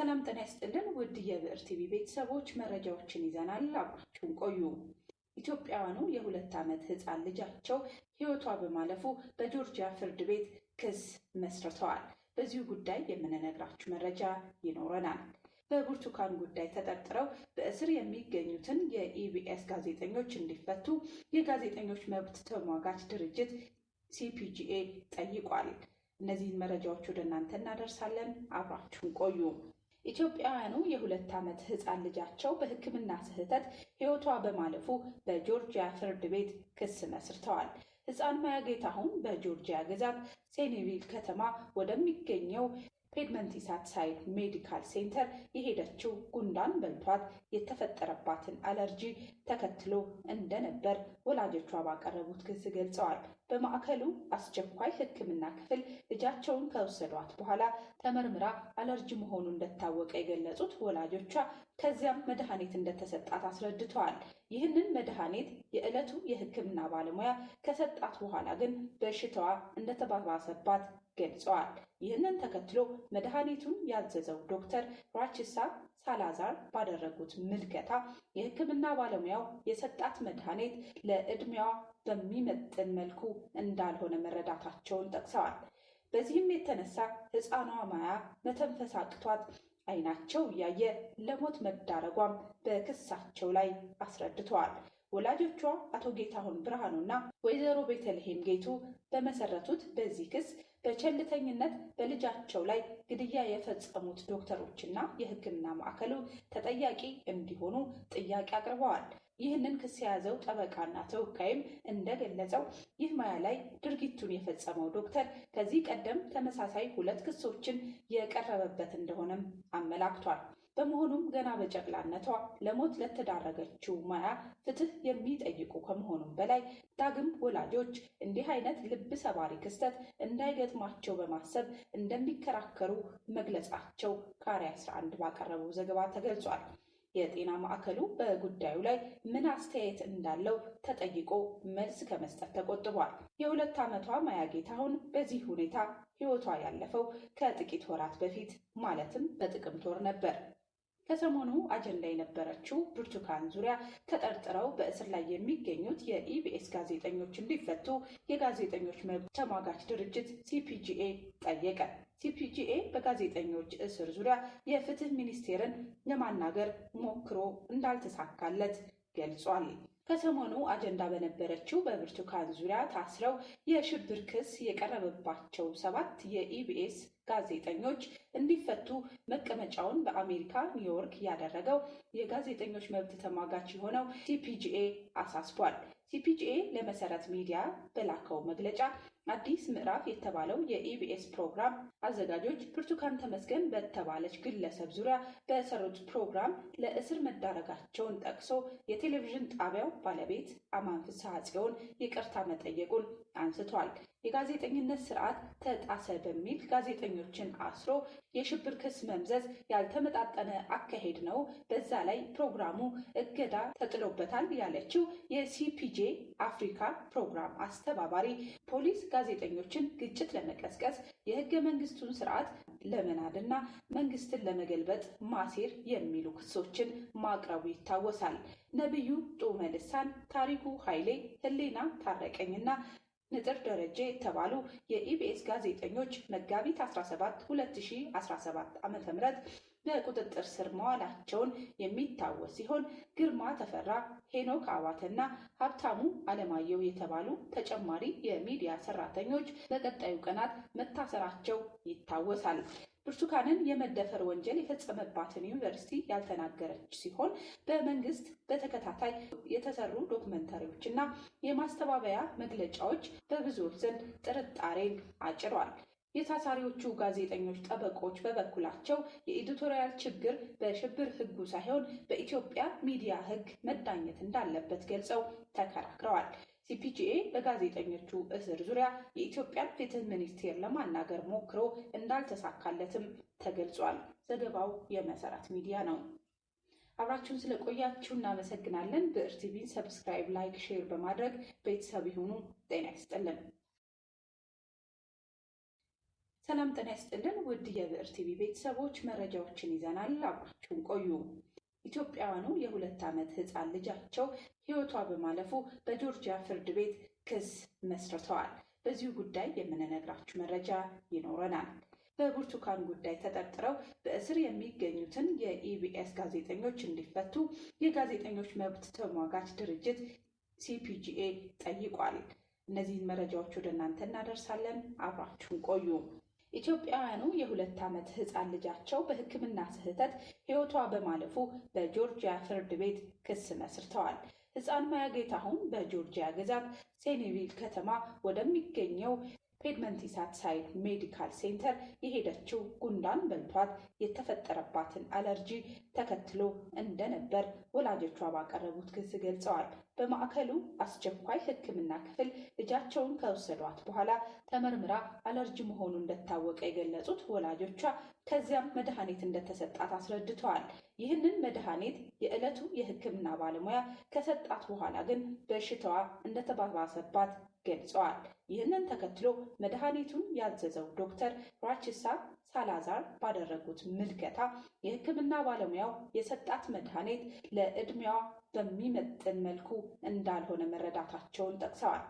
ሰላም ጤና ይስጥልን ውድ የብዕር ቲቪ ቤተሰቦች መረጃዎችን ይዘናል። አብራችሁን ቆዩ። ኢትዮጵያውያኑ የሁለት ዓመት ሕፃን ልጃቸው ህይወቷ በማለፉ በጆርጂያ ፍርድ ቤት ክስ መስርተዋል። በዚሁ ጉዳይ የምንነግራችሁ መረጃ ይኖረናል። በብርቱካን ጉዳይ ተጠርጥረው በእስር የሚገኙትን የኢቢኤስ ጋዜጠኞች እንዲፈቱ የጋዜጠኞች መብት ተሟጋች ድርጅት ሲፒጂኤ ጠይቋል። እነዚህን መረጃዎች ወደ እናንተ እናደርሳለን። አብራችሁን ቆዩ። ኢትዮጵያውያኑ የሁለት ዓመት ህፃን ልጃቸው በሕክምና ስህተት ሕይወቷ በማለፉ በጆርጂያ ፍርድ ቤት ክስ መስርተዋል። ሕፃን ማያ ጌታሁን በጆርጂያ ግዛት ሴኒቪል ከተማ ወደሚገኘው ፔድመንቲሳት ሳይድ ሜዲካል ሴንተር የሄደችው ጉንዳን በልቷት የተፈጠረባትን አለርጂ ተከትሎ እንደነበር ወላጆቿ ባቀረቡት ክስ ገልጸዋል። በማዕከሉ አስቸኳይ ሕክምና ክፍል ልጃቸውን ከወሰዷት በኋላ ተመርምራ አለርጂ መሆኑ እንደታወቀ የገለጹት ወላጆቿ ከዚያም መድኃኒት እንደተሰጣት አስረድተዋል። ይህንን መድኃኒት የዕለቱ የሕክምና ባለሙያ ከሰጣት በኋላ ግን በሽታዋ እንደተባባሰባት ገልጸዋል። ይህንን ተከትሎ መድኃኒቱን ያዘዘው ዶክተር ራችሳ ሳላዛር ባደረጉት ምልከታ የሕክምና ባለሙያው የሰጣት መድኃኒት ለዕድሜዋ በሚመጥን መልኩ እንዳልሆነ መረዳታቸውን ጠቅሰዋል። በዚህም የተነሳ ሕፃኗ ማያ መተንፈስ አቅቷት እያየ ለሞት መዳረጓም በክሳቸው ላይ አስረድተዋል። ወላጆቿ አቶ ጌታሁን ብርሃኑና ወይዘሮ ቤተልሔም ጌቱ በመሰረቱት በዚህ ክስ በቸልተኝነት በልጃቸው ላይ ግድያ የፈጸሙት ዶክተሮችና የሕክምና ማዕከሉ ተጠያቂ እንዲሆኑ ጥያቄ አቅርበዋል። ይህንን ክስ የያዘው ጠበቃና ተወካይም እንደገለጸው ይህ ማያ ላይ ድርጊቱን የፈጸመው ዶክተር ከዚህ ቀደም ተመሳሳይ ሁለት ክሶችን የቀረበበት እንደሆነም አመላክቷል። በመሆኑም ገና በጨቅላነቷ ለሞት ለተዳረገችው ማያ ፍትህ የሚጠይቁ ከመሆኑም በላይ ዳግም ወላጆች እንዲህ አይነት ልብ ሰባሪ ክስተት እንዳይገጥማቸው በማሰብ እንደሚከራከሩ መግለጻቸው ካሬ 11 ባቀረበው ዘገባ ተገልጿል። የጤና ማዕከሉ በጉዳዩ ላይ ምን አስተያየት እንዳለው ተጠይቆ መልስ ከመስጠት ተቆጥቧል። የሁለት ዓመቷ ማያ ጌታሁን በዚህ ሁኔታ ሕይወቷ ያለፈው ከጥቂት ወራት በፊት ማለትም በጥቅምት ወር ነበር። ከሰሞኑ አጀንዳ የነበረችው ብርቱካን ዙሪያ ተጠርጥረው በእስር ላይ የሚገኙት የኢቢኤስ ጋዜጠኞች እንዲፈቱ የጋዜጠኞች መብት ተሟጋች ድርጅት ሲፒጂኤ ጠየቀ። ሲፒጂኤ በጋዜጠኞች እስር ዙሪያ የፍትህ ሚኒስቴርን ለማናገር ሞክሮ እንዳልተሳካለት ገልጿል። ከሰሞኑ አጀንዳ በነበረችው በብርቱካን ዙሪያ ታስረው የሽብር ክስ የቀረበባቸው ሰባት የኢቢኤስ ጋዜጠኞች እንዲፈቱ መቀመጫውን በአሜሪካ ኒውዮርክ ያደረገው የጋዜጠኞች መብት ተሟጋች የሆነው ሲፒጂኤ አሳስቧል። ሲፒጂኤ ለመሰረት ሚዲያ በላከው መግለጫ አዲስ ምዕራፍ የተባለው የኢቢኤስ ፕሮግራም አዘጋጆች ብርቱካን ተመስገን በተባለች ግለሰብ ዙሪያ በሰሩት ፕሮግራም ለእስር መዳረጋቸውን ጠቅሶ የቴሌቪዥን ጣቢያው ባለቤት አማን ፍስሐ ጽዮን ይቅርታ መጠየቁን አንስቷል። የጋዜጠኝነት ስርዓት ተጣሰ በሚል ጋዜጠኞችን አስሮ የሽብር ክስ መምዘዝ ያልተመጣጠነ አካሄድ ነው፣ በዛ ላይ ፕሮግራሙ እገዳ ተጥሎበታል ያለችው የሲፒጂ ጄ አፍሪካ ፕሮግራም አስተባባሪ ፖሊስ ጋዜጠኞችን ግጭት ለመቀስቀስ የህገ መንግስቱን ስርዓት ለመናድ እና መንግስትን ለመገልበጥ ማሴር የሚሉ ክሶችን ማቅረቡ ይታወሳል። ነቢዩ ጡመ ልሳን፣ ታሪኩ ኃይሌ፣ ህሌና ታረቀኝና ንጥር ደረጀ የተባሉ የኢቢኤስ ጋዜጠኞች መጋቢት 17 2017 ዓ.ም በቁጥጥር ስር መዋላቸውን የሚታወስ ሲሆን ግርማ ተፈራ፣ ሄኖክ አባተና ሀብታሙ አለማየሁ የተባሉ ተጨማሪ የሚዲያ ሰራተኞች በቀጣዩ ቀናት መታሰራቸው ይታወሳል። ብርቱካንን የመደፈር ወንጀል የፈጸመባትን ዩኒቨርሲቲ ያልተናገረች ሲሆን በመንግስት በተከታታይ የተሰሩ ዶክመንተሪዎች እና የማስተባበያ መግለጫዎች በብዙዎች ዘንድ ጥርጣሬን አጭሯል። የታሳሪዎቹ ጋዜጠኞች ጠበቆች በበኩላቸው የኤዲቶሪያል ችግር በሽብር ሕጉ ሳይሆን በኢትዮጵያ ሚዲያ ሕግ መዳኘት እንዳለበት ገልጸው ተከራክረዋል። ሲፒጂኤ በጋዜጠኞቹ እስር ዙሪያ የኢትዮጵያን ፍትህ ሚኒስቴር ለማናገር ሞክሮ እንዳልተሳካለትም ተገልጿል። ዘገባው የመሰረት ሚዲያ ነው። አብራችሁን ስለቆያችሁ እናመሰግናለን። ብዕር ቲቪን ሰብስክራይብ፣ ላይክ፣ ሼር በማድረግ ቤተሰብ ይሁኑ። ጤና ይስጥልን። ሰላም ጤና ይስጥልን ውድ የብዕር ቲቪ ቤተሰቦች መረጃዎችን ይዘናል። አብራችሁን ቆዩ። ኢትዮጵያውያኑ የሁለት ዓመት ህፃን ልጃቸው ህይወቷ በማለፉ በጆርጂያ ፍርድ ቤት ክስ መስርተዋል። በዚሁ ጉዳይ የምንነግራችሁ መረጃ ይኖረናል። በብርቱካን ጉዳይ ተጠርጥረው በእስር የሚገኙትን የኢቢኤስ ጋዜጠኞች እንዲፈቱ የጋዜጠኞች መብት ተሟጋች ድርጅት ሲፒጂኤ ጠይቋል። እነዚህን መረጃዎች ወደ እናንተ እናደርሳለን። አብራችሁን ቆዩ። ኢትዮጵያውያኑ የሁለት ዓመት ህፃን ልጃቸው በሕክምና ስህተት ሕይወቷ በማለፉ በጆርጂያ ፍርድ ቤት ክስ መስርተዋል። ሕፃን ማያ ጌታሁን በጆርጂያ ግዛት ሴኒቪል ከተማ ወደሚገኘው ፔድመንቲሳት ሳይድ ሜዲካል ሴንተር የሄደችው ጉንዳን በልቷት የተፈጠረባትን አለርጂ ተከትሎ እንደነበር ወላጆቿ ባቀረቡት ክስ ገልጸዋል። በማዕከሉ አስቸኳይ ሕክምና ክፍል ልጃቸውን ከወሰዷት በኋላ ተመርምራ አለርጂ መሆኑ እንደታወቀ የገለጹት ወላጆቿ ከዚያም መድኃኒት እንደተሰጣት አስረድተዋል። ይህንን መድኃኒት የዕለቱ የሕክምና ባለሙያ ከሰጣት በኋላ ግን በሽታዋ እንደተባባሰባት ገልጸዋል። ይህንን ተከትሎ መድኃኒቱን ያዘዘው ዶክተር ራችሳ ሳላዛር ባደረጉት ምልከታ የሕክምና ባለሙያው የሰጣት መድኃኒት ለዕድሜዋ በሚመጥን መልኩ እንዳልሆነ መረዳታቸውን ጠቅሰዋል።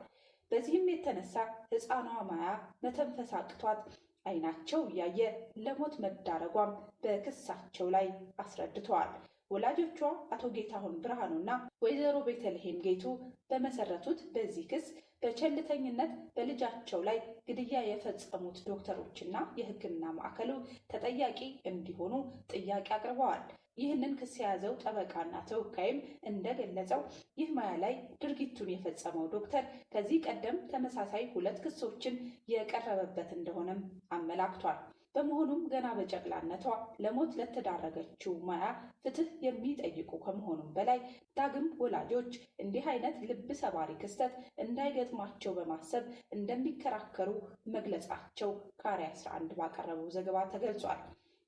በዚህም የተነሳ ሕፃኗ ማያ መተንፈስ አቅቷት አይናቸው እያየ ለሞት መዳረጓም በክሳቸው ላይ አስረድተዋል። ወላጆቿ አቶ ጌታሁን ብርሃኑና ወይዘሮ ቤተልሔም ጌቱ በመሰረቱት በዚህ ክስ በቸልተኝነት በልጃቸው ላይ ግድያ የፈጸሙት ዶክተሮችና የሕክምና ማዕከሉ ተጠያቂ እንዲሆኑ ጥያቄ አቅርበዋል። ይህንን ክስ የያዘው ጠበቃና ተወካይም እንደገለጸው ይህ ማያ ላይ ድርጊቱን የፈጸመው ዶክተር ከዚህ ቀደም ተመሳሳይ ሁለት ክሶችን የቀረበበት እንደሆነም አመላክቷል። በመሆኑም ገና በጨቅላነቷ ለሞት ለተዳረገችው ማያ ፍትህ የሚጠይቁ ከመሆኑም በላይ ዳግም ወላጆች እንዲህ አይነት ልብ ሰባሪ ክስተት እንዳይገጥማቸው በማሰብ እንደሚከራከሩ መግለጻቸው ካሬ 11 ባቀረበው ዘገባ ተገልጿል።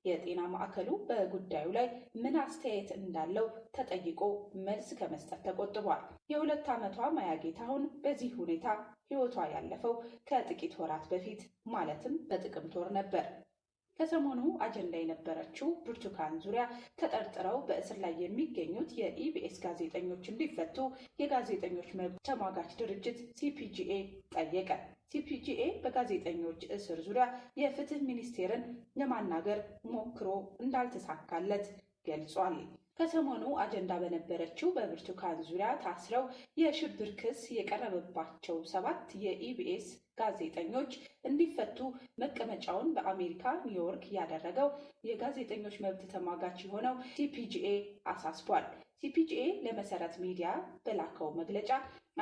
የጤና ማዕከሉ በጉዳዩ ላይ ምን አስተያየት እንዳለው ተጠይቆ መልስ ከመስጠት ተቆጥቧል። የሁለት ዓመቷ ማያ ጌታሁን በዚህ ሁኔታ ሕይወቷ ያለፈው ከጥቂት ወራት በፊት ማለትም በጥቅምት ወር ነበር። ከሰሞኑ አጀንዳ የነበረችው ብርቱካን ዙሪያ ተጠርጥረው በእስር ላይ የሚገኙት የኢቢኤስ ጋዜጠኞች እንዲፈቱ የጋዜጠኞች መብት ተሟጋች ድርጅት ሲፒጂኤ ጠየቀ። ሲፒጂኤ በጋዜጠኞች እስር ዙሪያ የፍትህ ሚኒስቴርን ለማናገር ሞክሮ እንዳልተሳካለት ገልጿል። ከሰሞኑ አጀንዳ በነበረችው በብርቱካን ዙሪያ ታስረው የሽብር ክስ የቀረበባቸው ሰባት የኢቢኤስ ጋዜጠኞች እንዲፈቱ መቀመጫውን በአሜሪካ ኒውዮርክ ያደረገው የጋዜጠኞች መብት ተሟጋች የሆነው ሲፒጂኤ አሳስቧል። ሲፒጂኤ ለመሰረት ሚዲያ በላከው መግለጫ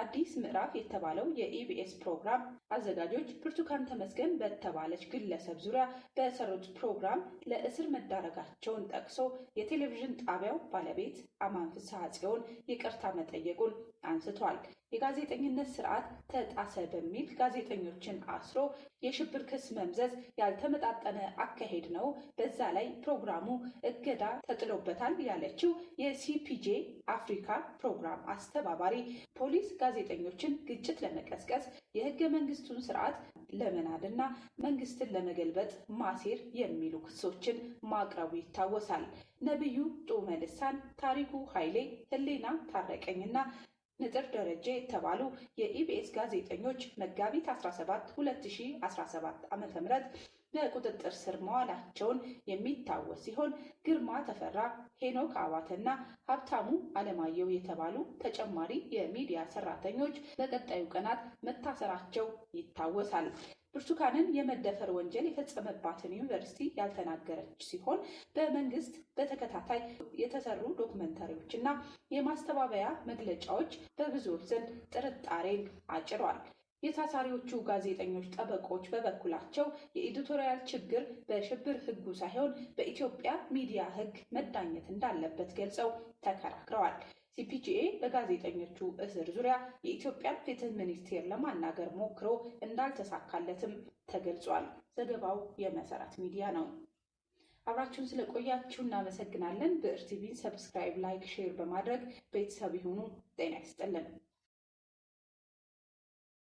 አዲስ ምዕራፍ የተባለው የኢቢኤስ ፕሮግራም አዘጋጆች ብርቱካን ተመስገን በተባለች ግለሰብ ዙሪያ በሰሩት ፕሮግራም ለእስር መዳረጋቸውን ጠቅሶ የቴሌቪዥን ጣቢያው ባለቤት አማን ፍስሐ ጽዮን ይቅርታ መጠየቁን አንስቷል። የጋዜጠኝነት ስርዓት ተጣሰ በሚል ጋዜጠኞችን አስሮ የሽብር ክስ መምዘዝ ያልተመጣጠነ አካሄድ ነው። በዛ ላይ ፕሮግራሙ እገዳ ተጥሎበታል ያለችው የሲፒጂ ጄ አፍሪካ ፕሮግራም አስተባባሪ ፖሊስ ጋዜጠኞችን ግጭት ለመቀስቀስ የህገ መንግስቱን ስርዓት ለመናድና መንግስትን ለመገልበጥ ማሴር የሚሉ ክሶችን ማቅረቡ ይታወሳል። ነቢዩ ጡመ ልሳን፣ ታሪኩ ኃይሌ፣ ህሌና ታረቀኝና ንጥር ደረጀ የተባሉ የኢቢኤስ ጋዜጠኞች መጋቢት 17 2017 ዓ.ም በቁጥጥር ስር መዋላቸውን የሚታወስ ሲሆን ግርማ ተፈራ፣ ሄኖክ አባተና ሀብታሙ አለማየሁ የተባሉ ተጨማሪ የሚዲያ ሰራተኞች በቀጣዩ ቀናት መታሰራቸው ይታወሳል። ብርቱካንን የመደፈር ወንጀል የፈጸመባትን ዩኒቨርሲቲ ያልተናገረች ሲሆን በመንግስት በተከታታይ የተሰሩ ዶክመንተሪዎች እና የማስተባበያ መግለጫዎች በብዙዎች ዘንድ ጥርጣሬን አጭሯል። የታሳሪዎቹ ጋዜጠኞች ጠበቆች በበኩላቸው የኤዲቶሪያል ችግር በሽብር ሕጉ ሳይሆን በኢትዮጵያ ሚዲያ ሕግ መዳኘት እንዳለበት ገልጸው ተከራክረዋል። ሲፒጂኤ በጋዜጠኞቹ እስር ዙሪያ የኢትዮጵያን ፍትህ ሚኒስቴር ለማናገር ሞክሮ እንዳልተሳካለትም ተገልጿል። ዘገባው የመሰረት ሚዲያ ነው። አብራችሁን ስለቆያችሁ እናመሰግናለን። ብዕር ቲቪን ሰብስክራይብ፣ ላይክ፣ ሼር በማድረግ ቤተሰብ ይሁኑ። ጤና ይስጥልን።